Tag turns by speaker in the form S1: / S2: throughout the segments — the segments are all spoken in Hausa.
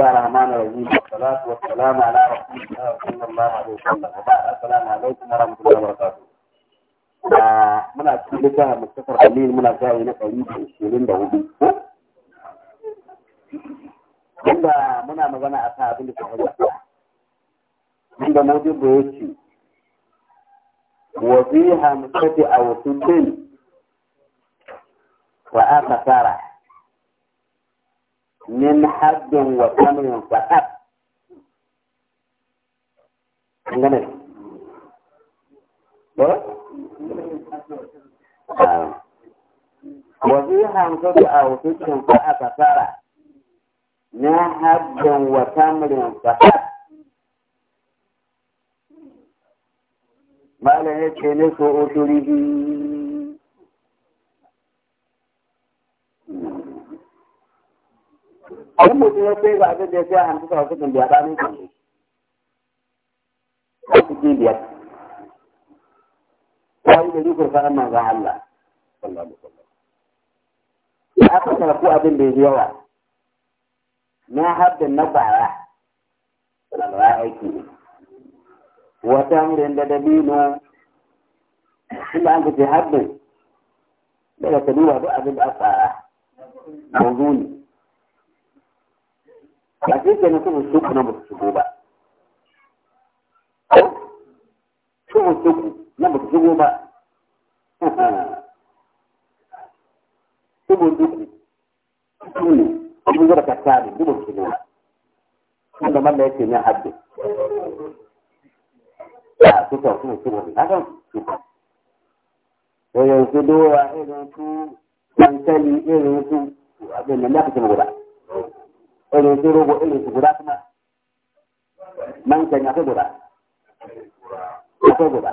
S1: الله الرحمن الرحيم والصلاة والسلام على رسول الله صلى الله عليه وسلم السلام عليكم ورحمة الله وبركاته muna cikin littafin mustafar aliyu muna shayi na ɗari da ishirin da hudu inda muna magana a kan abin da ta hanyar inda mojin da ya ce wa fi hamsati a wasu bin wa aka min haddin wa samun fahad wa fi hamsatu a hukuncin fa aka fara min wa samun fahad malam ya ce in mutum ya kai ga abin da ya fiya hamsin sau cikin biyar ɗanin kan shi a cikin biyar ta yi da rikon sa'an manzan Allah ya aka sarku abin da ya yi yawa na haddin na baya lalwa aiki wata murin da dabino inda an kace haddin daga ta duk abin da aka tsara manzo ba sai kenan su musu ku na musu shigo ba su musu ku na musu shigo ba su musu ku su ne abin zara ka tsari duk musu shigo ba da malla yake ne haddi a su ta su musu ku na kan su ku da yanzu doya irin su dankali irin su abin da ya fi shigo ba irin su rogo irin su guda kuma man can akwai guda akwai guda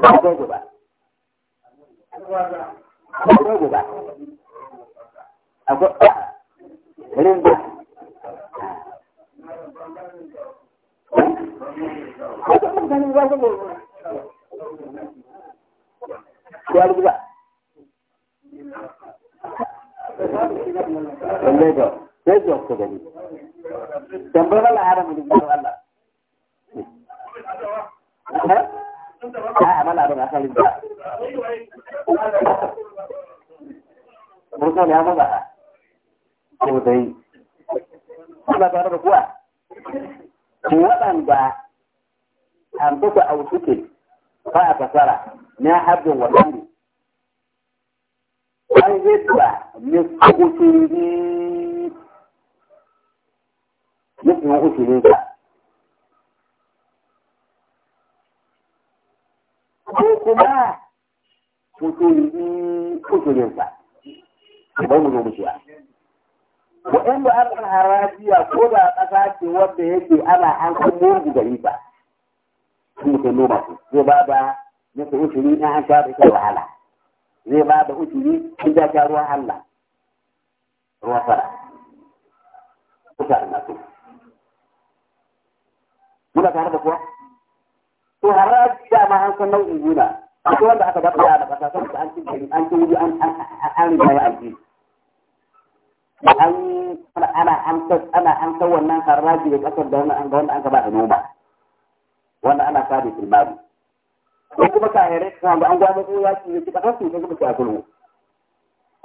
S1: akwai guda akwai guda akwai rinda Kuwa guda. lagos lagos ka gani tambar mala da zuwa allah a mala da da ba na مثل مثل أسره مثل أسره ko kuma mutumin kusurinsa bai mu zo mu shiya wa'yan da an harajiya ko da ƙasa ce wadda yake ana an kan murgu gari ta sun mutum noma su zai ba ba na usuri na an sha da ita wahala zai ba da ujiri in da ta ruwan Allah ruwan fara mutane masu muna tare da kuwa to har da ma an san nau'in juna akwai wanda aka dafa da kasa saboda an cin an cin wuri an an riga ya aji an ana an ana an san wannan haraji da kasar da wannan an ga wanda an ka ba da noma wanda ana sabi filmari ko kuma kahirai su ba an gwanin ko yaki ne kika fasu ne kuma kafin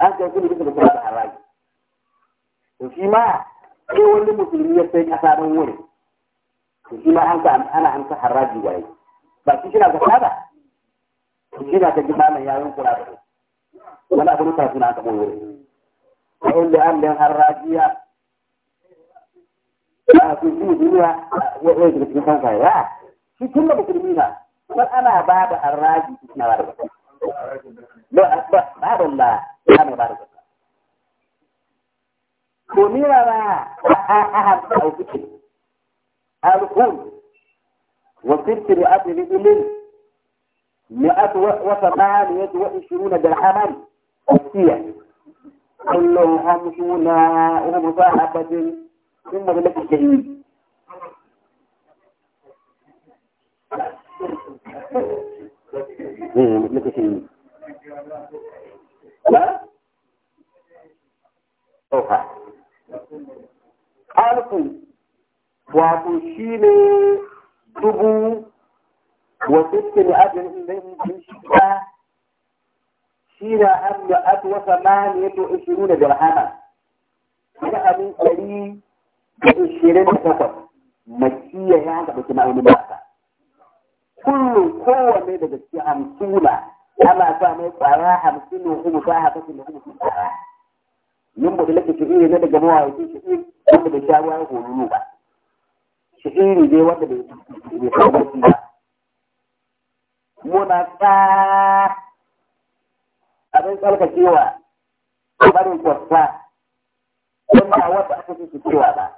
S1: an kai kuma kika kuma da haraji to shi ma sai wani musulmi ya sai kasa don wuri to shi ma an ka ana an ka haraji wai ba shi ba to shi na ka ji malam ya yin kula da shi wala abun ta suna ka wuri ko inda an dan harajiya a cikin duniya wai wai cikin kanka ya shi tun musulmi na ko ana babu arraji na warga lo asba babu la ana warga ko ni wala a a ha ko kike alqul wa fitri abli lil مئة وثمانية وعشرون درهما أسية كلهم خمسون وهم صاحبة ثم ملك الشهيد muka ce yi ɗauka alfu wato shi ne dubu wasu ke ne ajin ɗin shiga shi na da aka wasa mani to ishiru da dirhama ina abin ɗari da ishirin da takwas makiya ya haka bakin ma'aunin ba kullum kowane daga cikin hamsuna ana sa mai tsara hamsin ne hukumu sa haka sun hukumu kwara min ba dalaka shi'iri na daga mawaƙi shi'iri wanda bai sha ruwa ya horo ba shi'iri ne wanda bai bai sha ruwa ba muna tsa abin cewa barin kwasa don ba wata aka ce cewa ba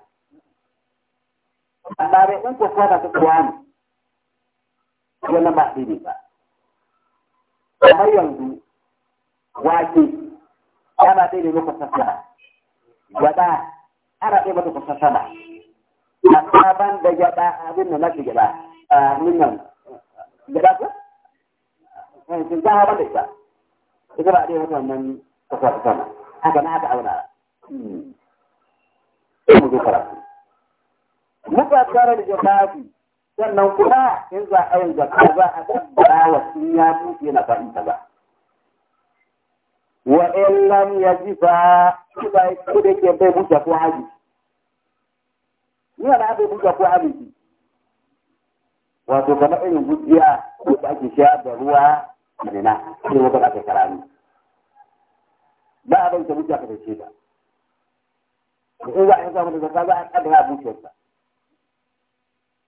S1: amma dai in kwasa na ta kuwa wannan ba daidai ba kamar yanzu wake ana daidai maka sassana gwaɗa ana daidai maka sassana a tsaban da gyaɗa abin da nashi gyaɗa a nunan gyaɗa ko? Sun ta haɓar da ita. Ita ba a daidai maka wannan sassana. Haka na haka auna. Hmm. Sai mu zo karatu. Muka tsara da jafafi sannan kuma in za a yi zaka za a tabbara wa sun ya buɗe na fa'ita ba wa in lam yajiba shi ba ya ce da ke bai buɗe ko haji yana ana bai buɗe ko haji wato kamar irin gujiya ko da ake sha da ruwa a nina sai wata da aka karami ba a bai ta buɗe ka da shi ba in za a yi samun da zakka za a kaddara buɗe sa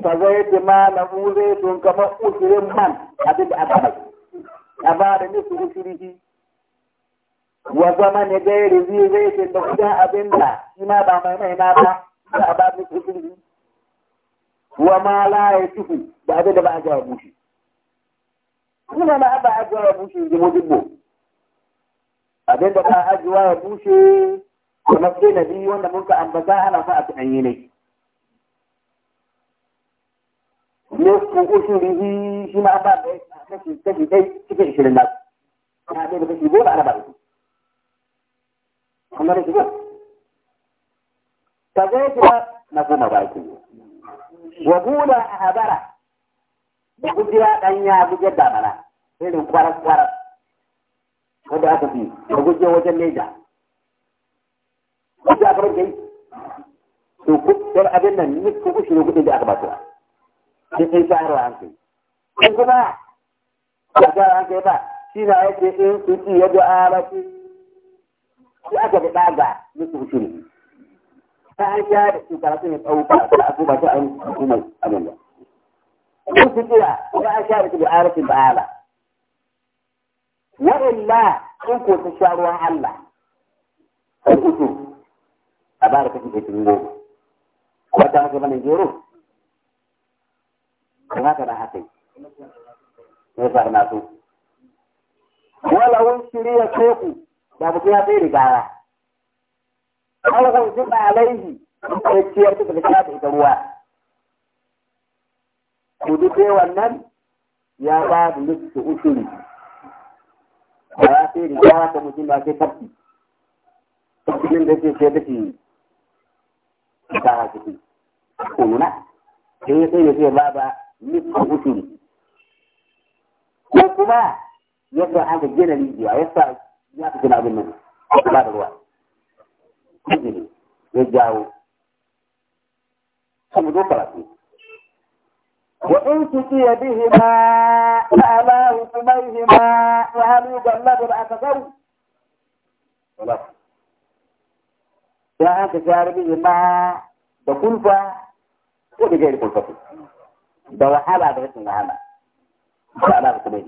S1: tazayyar da malamu zai don kama usirin man a duk a bada a bada nufin usirihi wa zama ne gairi zai zai ce da kudan abin da ina ma ba mai mai mata da a bada nufin usirihi wa ma la ya tuhu da abin da ba a jawa bushi kuma ma ba a jawa bushi da mutubo abin da ba a jawa bushi kuma fi na biyu wanda muka ambata ana sa a tunanyi ne nisfu ushurihi shi ma ba da kashi kashi dai cikin ishirin nasu ana ɗaya da kashi goma ana ba da su amma da shi ba ta zai kuma na kuma ba ke wa gula a habara da gujira ɗan ya gujar damana irin kwaras-kwaras wanda aka fi da gujiyar wajen neja wanda aka rage to kuɗin abin nan nisfu ushurin kuɗin da aka ba su cikin tsara hankali in kuma ba tsara hankali ba shi na yake in sun ci yadda alaƙi shi aka fi ɗaga musu shiri ta an da su karatu ne tsawo ba ta aku ba ta an hukumar abin da sun su kira ya an sha da su da alaƙin ba ala wa illa in ko ta sha ruwan Allah al'usu a bara kake ke cikin goma wata haka mana gero don haka na haka yi ne barna su wala wun shirya teku da mutum ya bai rigara alhun jiba alaihi ya ciyar da ta da ita ruwa ku duk wannan ya ba da lissu usuri ba ya sai rigara ta mutum ba sai tafi tafiyin da ke sai tafi ta haka ciki ko nuna sai ya sai ya ce ba ba ko kuma yadda aka gina rijiya ya sa ya fi gina abin nan ba da ruwa kujini ya jawo kuma zo karatu وإن تقي بهما فأباه حميهما وهل يجلد الأكثر خلاص يا أنت شاربهما بكلفة وبغير كلفة da wahala da rashin wahala ba ala ba bai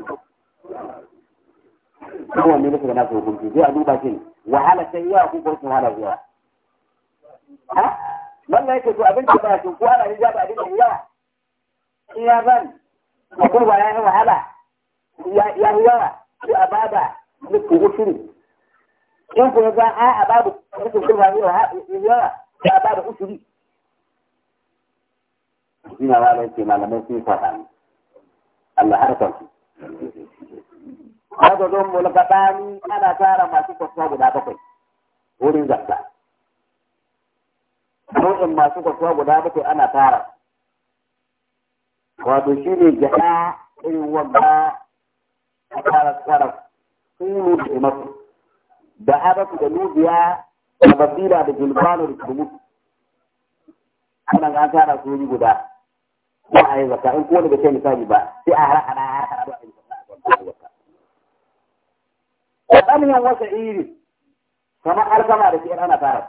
S1: kan wanne ne na so hukunci zai a duba shi wahala sai yawa ko rashin wahala yawa ha wannan yake to abin da ba shi ko ana hijaba abin da yawa ya ban a ba ya yi wahala ya yi yawa ya a baba duk ko ushiri in kuma za a babu rashin kurba yawa ya babu ushiri ina ma laifi malamai sun faɗa Allah har kansu haka don mulkaɗani ana tara masu kwasuwa guda bakwai wurin zakka nau'in masu kwasuwa guda bakwai ana tara wato shi ne gyaɗa irin wanda a tara tara sunu da imasu da abatu da nubiya da basira da jilbanu da turmutu ana an tara su guda ba a yi in ko wani bai misali ba sai a haraka na haraka ba a yi zaka wasa iri kamar alkama da ke ana fara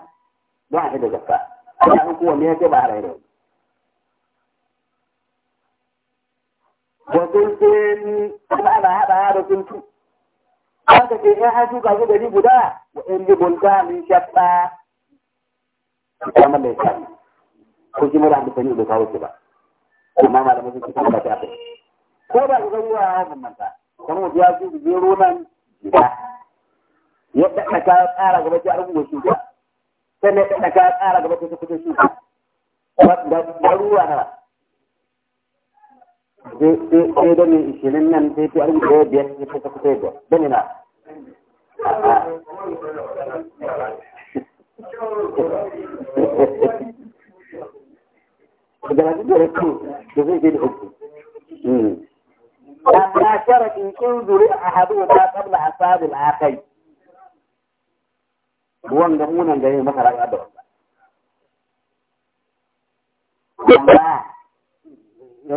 S1: don a da zakka amma in kowanne ya ba a na da sun ha kuma ana haɗa da sun tu an ka ce ga eh, an shuka guda wa in ribun ta min shaɓɓa kamar mai shaɓi ko shi mura da sani da kawo shi ba amma malamai sun kusa ba ta ko ba ku yi wa bambanta kuma mutum ya ji gero nan gida ya daɗa ka tsara gaba ta rubuwa shuka sai ya daɗa ka tsara gaba ta kusa shuka da ruwa na sai da ne ishirin nan sai fi rubuwa da ya kusa kusa da ne na garanti da rakin da zai hmm. in zuri a hadu ba qabla ruwan da munan gare maka da wanda yanzu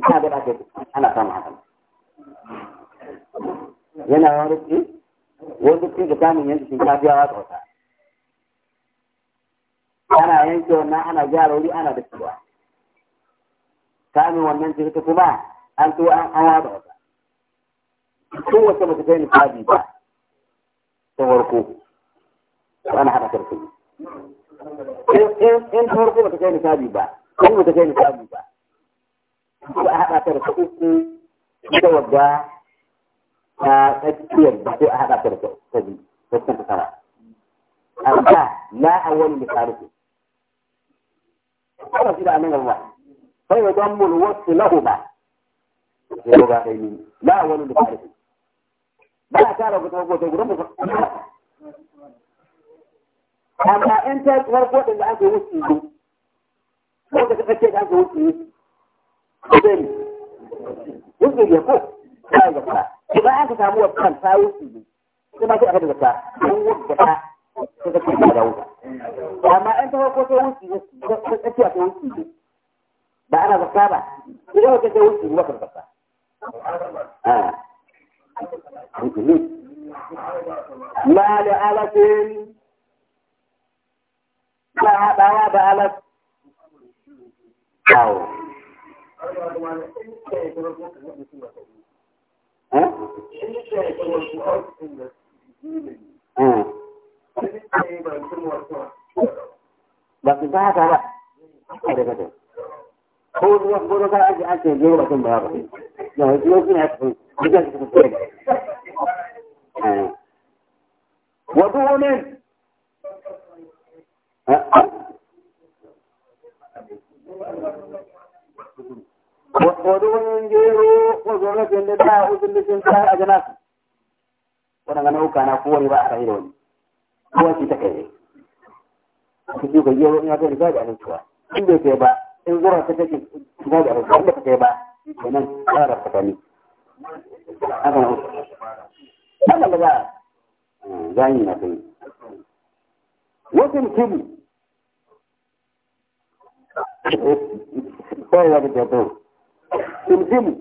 S1: ta ga da ana samu haka yana wani rufi wani yanzu wata ana yanke wannan ana gyara wuri ana da cewa kamin wannan jirgin kuma an to an hawa da wata tun wata mace ta yi ba ta warko to ana karfi in ta warko bata kai ba in bata kai nisabi ba ko a haɗa ta uku ita wadda ta tsakiyar ba sai a haɗa ta ta biyu ta cikin tara amma la awwal misalihi kuma shi da annabawa sai ya zammul wasu lahuma sai ga dai ni la wani da karfi ba ta ta gobe gurin mu amma in ta farko din da aka wuce ko da kake ce da wuce sai wuce ya ko sai ga fara idan aka samu wannan ta wuce ne sai ma sai aka ta in wuce ta sai ka da wuce ta farko wuce ne فأنا بطابة لو تزوجت أبو بكر بطابة آه ما لآلة ما بواب آلة أو ها؟ ها؟ ها؟ ها؟ ها؟ ها؟ ها؟ ها؟ ko ruwa ko ruwa ce ba ba da eh. wasu yau suna tafi duka su tafi da wato wani eh, ah. wato wani gero ko gwamnatin da ta uzun da sun sa a su? wannan ganin uka na kowane ba a rayu da wani kowa shi ta kai ne a cikin gajiyar wani ya kai da zaɓi cewa in bai ba in zuwa ta take shiga da rufe wanda ta ba kenan tsara ta kani haka na uku haka da ba na kai kibu kawai ya fita to da don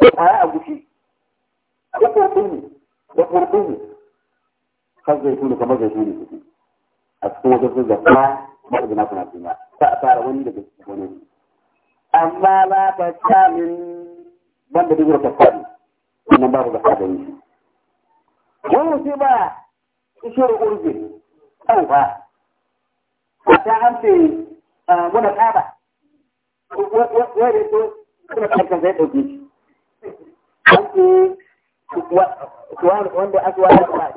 S1: ne a yi a gushi da da zai tuni kamar zai tuni a cikin wajen ba da kuna kuma ba a fara wani daga wani amma ba ta kamin duk da fasadi wannan babu da hadari wani sai ba ishiyar kan ba ta amfe muna kaba wani to kuma kankan zai ɗauke shi amfe wanda aka wani kuma a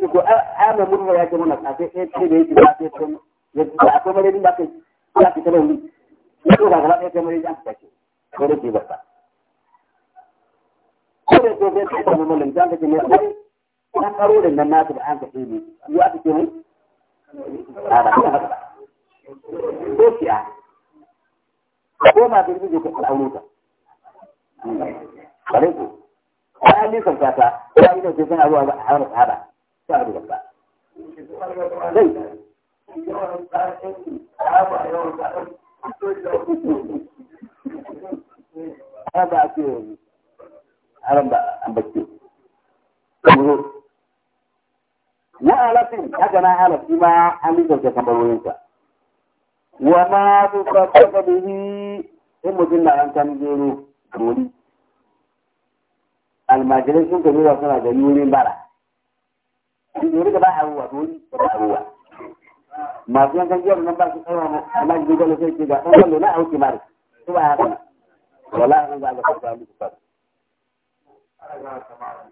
S1: ne ko amma murna ya ce muna kafin ɗaya ce da yake ba sai yadda akwai madadin da aka yi ya fita da wuri ya ɗora gaba ɗaya kai madadin aka kashe ko da ke basa ko da ke zai kai wani mallam zan kace ne ai na karo da nan nasu da an kashe ne ya aka ke mai a ba ta haka ko ki a ko ma bin zai ka aure ta bare ko ai ne kan ta ta ai ne sai san abuwa ba a hana sahaba sai ba yawan ba a ba alafin haka na alaf shi ma an lissafe tambayoyinsa wa ma su kwakwata bihi in mutum na an kan gero gori almajirai sun kamewa suna gari wurin bara in gori da ba a ruwa gori da ba a ruwa masu yankan giyar nan ba su tsawa na amma ji gwalo sai ce ga ɗan gwalo na auki mari su ba haka wala an za a lafa ta muku fara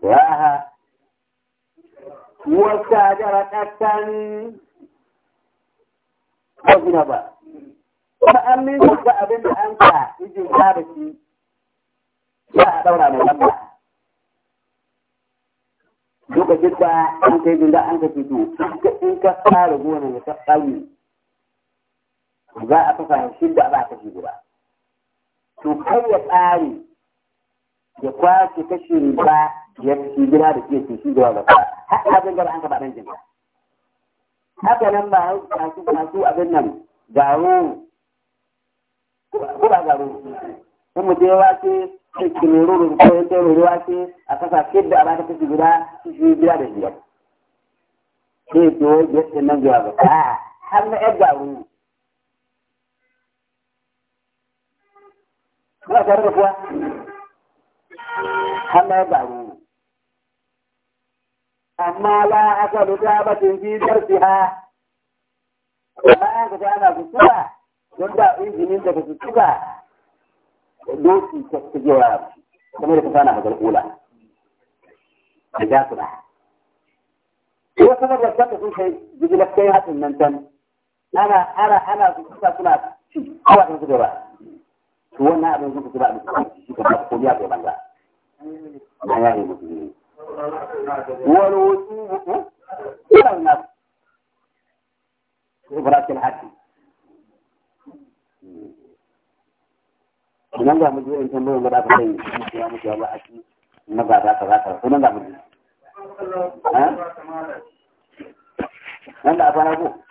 S1: ya ha wata jara ƙatan ƙasina ba ba an nisa ga abin da an ka ijin ka da shi ya a ɗaura mai lamba lokacin da an kai dinda an ka fito in ka fara gona da ta ƙauye za a fasa shidda ba kashi guda to kai ya tsari ya kwace kashi riba ya ci gida da ke ci shi da wanda har abin gaba an ka baɗan jinka haka nan ba masu masu abin nan garo ko ba garo in mutum ya ce. kiloro da kuma yanke ruwa ce a kasa fidda a bata kashi guda su shi gida da biyar sai ke nan zuwa ga har na yadda kuma tare da kuwa har na yadda wuri amma la aka rubuta batun fi ha? Amma ka ta ana kusurwa don da injinin daga kusurwa دوسي كالتجواب كما يتفانا هذا الأولى أجاس الأحد هو سبب الجنة في شيء يجي لك شيء من تن أنا أنا أنا في كل سنة أول من تجواب هو أنا أبغى نشوف تجواب في كل كليات يا بنجا sunan ga muji irin tambayin da aka sai mutu ya mutu ya ba a ci na ba za ka za ka sunan ga eh? nan da ko